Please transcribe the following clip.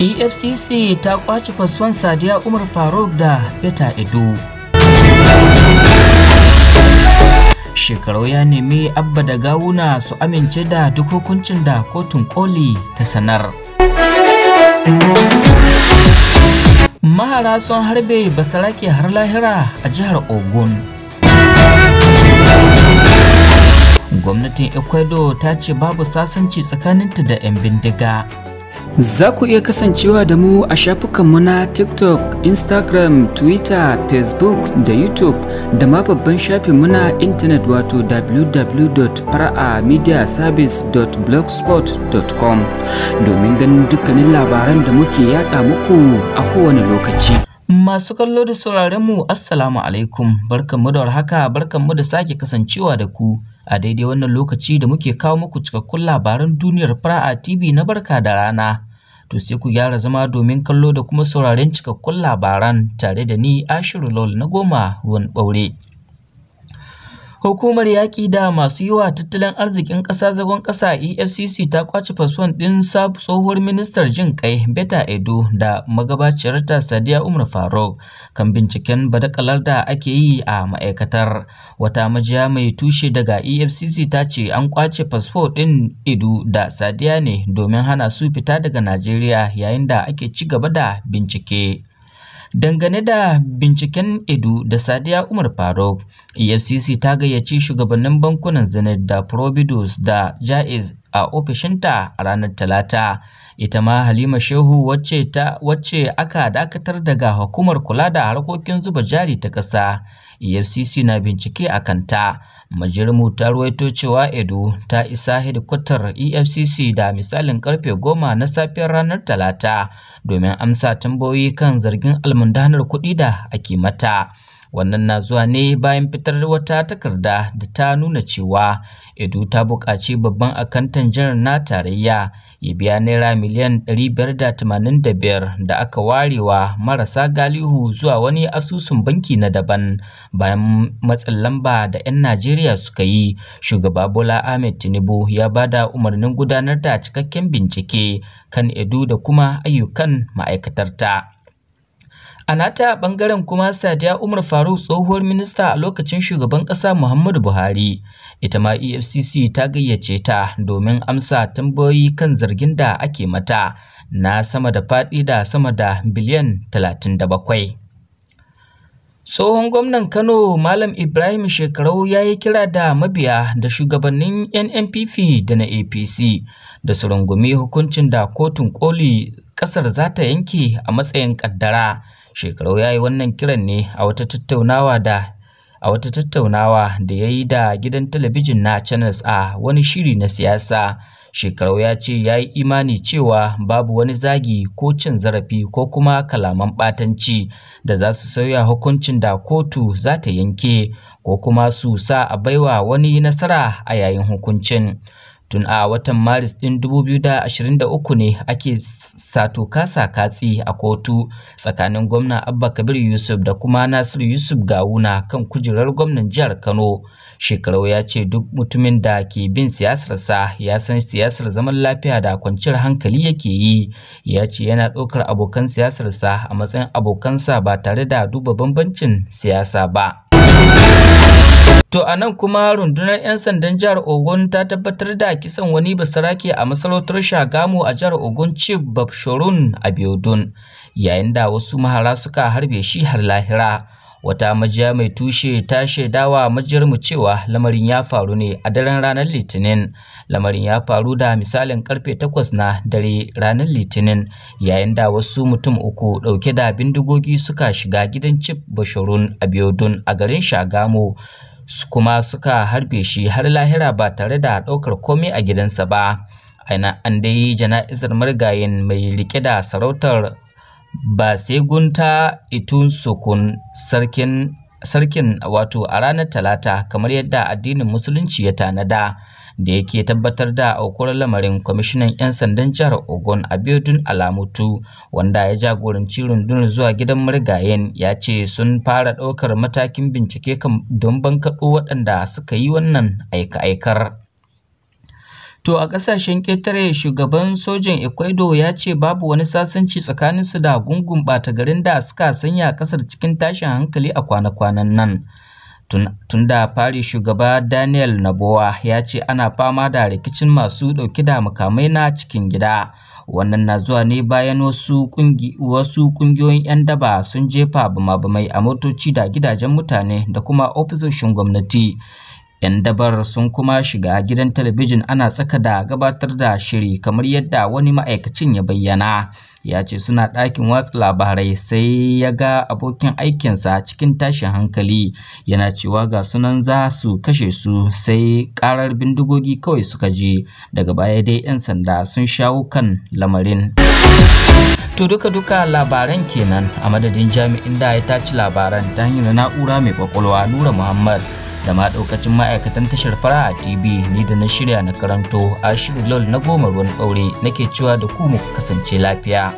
efcc ta kwaci fasfon sadiya umar faruk da beta edo shekarau ya nemi abba da gawuna su amince da duk hukuncin da kotun koli ta sanar mahara sun harbe basarake har lahira a jihar ogun gwamnatin ecuador ta ce babu sasanci tsakaninta da 'yan bindiga Za ku iya kasancewa da mu a shafukanmu na TikTok, Instagram, Twitter, Facebook da YouTube da ma babban shafin muna intanet wato www.fara'amediaservice.blogspot.com domin ganin dukkanin labaran da muke yada muku a kowane lokaci. Masu kallo da sauraron mu Assalamu alaikum barkanmu da warhaka barkanmu da sake kasancewa da ku a daidai wannan lokaci da muke kawo muku cikakkun labaran duniyar fara'a TV na barka da rana to sai ku gyara zama domin kallo da kuma sauraron cikakkun labaran tare da ni Ashiru Lol na goma ruwan ɓaure. Hukumar Yaƙi da Masu yiwa Tattalin arzikin Ƙasa Zagon Ƙasa EFCC ta ƙwace fasfon ɗin tsohuwar ministar jin ƙai Beta Edo da magabaciyarta Sadiya Umar Faruk kan binciken badakalar da ake yi a ma'aikatar. Wata majiya mai tushe daga EFCC ta ce an ƙwace fasfo ɗin Edo da Sadiya ne domin hana su fita daga Najeriya yayin da ake ci gaba da bincike. Dangane da binciken Edu da Sadiya Umar Faruk, EFCC ta gayyaci shugabannin bankunan Zenith da Providus da Jaiz a ofishinta a ranar Talata. ita ma halima shehu wacce ta wacce aka dakatar daga hukumar kula da harkokin zuba jari ta ƙasa efcc na bincike a kanta majirmu ta ruwaito cewa edo ta isa hedikwatar efcc da misalin karfe goma na safiyar ranar talata domin amsa tambayoyi kan zargin almundanar kuɗi da ake mata Wannan na zuwa ne bayan fitar wata takarda da ta nuna cewa Edo ta buƙaci babban akantan janar na tarayya ya biya naira miliyan 585 da aka warewa marasa galihu zuwa wani asusun banki na daban bayan matsin lamba da 'yan Najeriya suka yi. Shugaba Bola Ahmed Tinubu ya ba da umarnin gudanar da cikakken bincike kan Edo da kuma ayyukan ma'aikatarta. A nata ɓangaren kuma Sadiya Umar Faruk tsohuwar minista a lokacin shugaban ƙasa Muhammadu Buhari, ita ma EFCC ta gayyace ta domin amsa tambayoyi kan zargin da ake mata na sama da faɗi da sama da biliyan 37. Tsohon gwamnan Kano Malam Ibrahim Shekarau ya yi kira da mabiya da shugabannin NNPP da na APC da su rungumi hukuncin da kotun koli ƙasar za ta yanke a matsayin ƙaddara. Shekarau ya yi wannan kiran ne a wata tattaunawa da a wata tattaunawa da ya yi da gidan talabijin na Channels a wani shiri na siyasa. Shekarau ya ce ya yi imani cewa babu wani zagi ko cin zarafi ko kuma kalaman ɓatanci da za su sauya hukuncin da kotu za ta yanke ko kuma su sa a baiwa wani nasara a yayin hukuncin. tun a watan maris ɗin 2023 ne ake sato kasa katsi a kotu tsakanin gwamna abba kabir yusuf da kuma nasiru yusuf gawuna kan kujerar gwamnan jihar kano shekarau ya ce duk mutumin da ke bin siyasarsa ya san siyasar zaman lafiya da kwanciyar hankali yake yi ya ce yana ɗaukar abokan siyasarsa a matsayin abokansa ba tare da duba bambancin siyasa ba To a nan kuma rundunar 'yan sandan jihar Ogun ta tabbatar da kisan wani basarake a masarautar Shagamu a jihar Ogun Chief Babshorun biodun yayin da wasu mahara suka harbe shi har lahira. Wata majiya mai tushe ta shaidawa majiyar mu cewa lamarin ya faru ne a daren ranar Litinin. Lamarin ya faru da misalin karfe takwas na dare ranar Litinin yayin da wasu mutum uku ɗauke da bindigogi suka shiga gidan Chief Bashorun Abiodun a garin Shagamu. kuma suka harbe shi har lahira ba tare da ɗaukar komai a gidansa ba. Aina an dai jana'izar marigayin mai rike da sarautar ba sai Basegun ta Itunsukun sarkin sarkin wato a ranar talata kamar yadda addinin musulunci ya tanada da yake tabbatar da aukuwar lamarin kwamishinan 'yan sandan jihar ogun abiodun alamutu wanda ya jagoranci rundunar zuwa gidan marigayen ya ce sun fara ɗaukar matakin bincike don bankaɗo waɗanda suka yi wannan aika-aikar To a ƙasashen ƙetare shugaban sojan Ecuador ya ce babu wani sasanci tsakanin su da gungun ɓata garin da suka sanya ƙasar cikin tashin hankali a kwana-kwanan nan. Tun da fari shugaba Daniel Naboa ya ce ana fama da rikicin masu ɗauki da makamai na cikin gida. Wannan na zuwa ne bayan wasu ƙungiyoyin 'yan daba sun jefa bama a motoci da gidajen mutane da kuma ofisoshin gwamnati. ‘Yan dabar sun kuma shiga gidan talabijin ana tsaka da gabatar da shiri kamar yadda wani ma'aikacin ya bayyana. Ya ce suna ɗakin watsa labarai sai ya ga abokin aikinsa cikin tashin hankali yana cewa ga sunan za su kashe su sai ƙarar bindigogi kawai suka je daga baya dai 'yan sanda sun shawo kan lamarin. To duka-duka labaran kenan a madadin jami'in da ya taci labaran ta hanyar na'ura mai kwakwalwa Nura Muhammad. da ma ɗaukacin ma'aikatan tashar fara a tv ni da na shirya na karanto a ashiru lol na goma ruwan ɓaure nake cewa da ku mu kasance lafiya.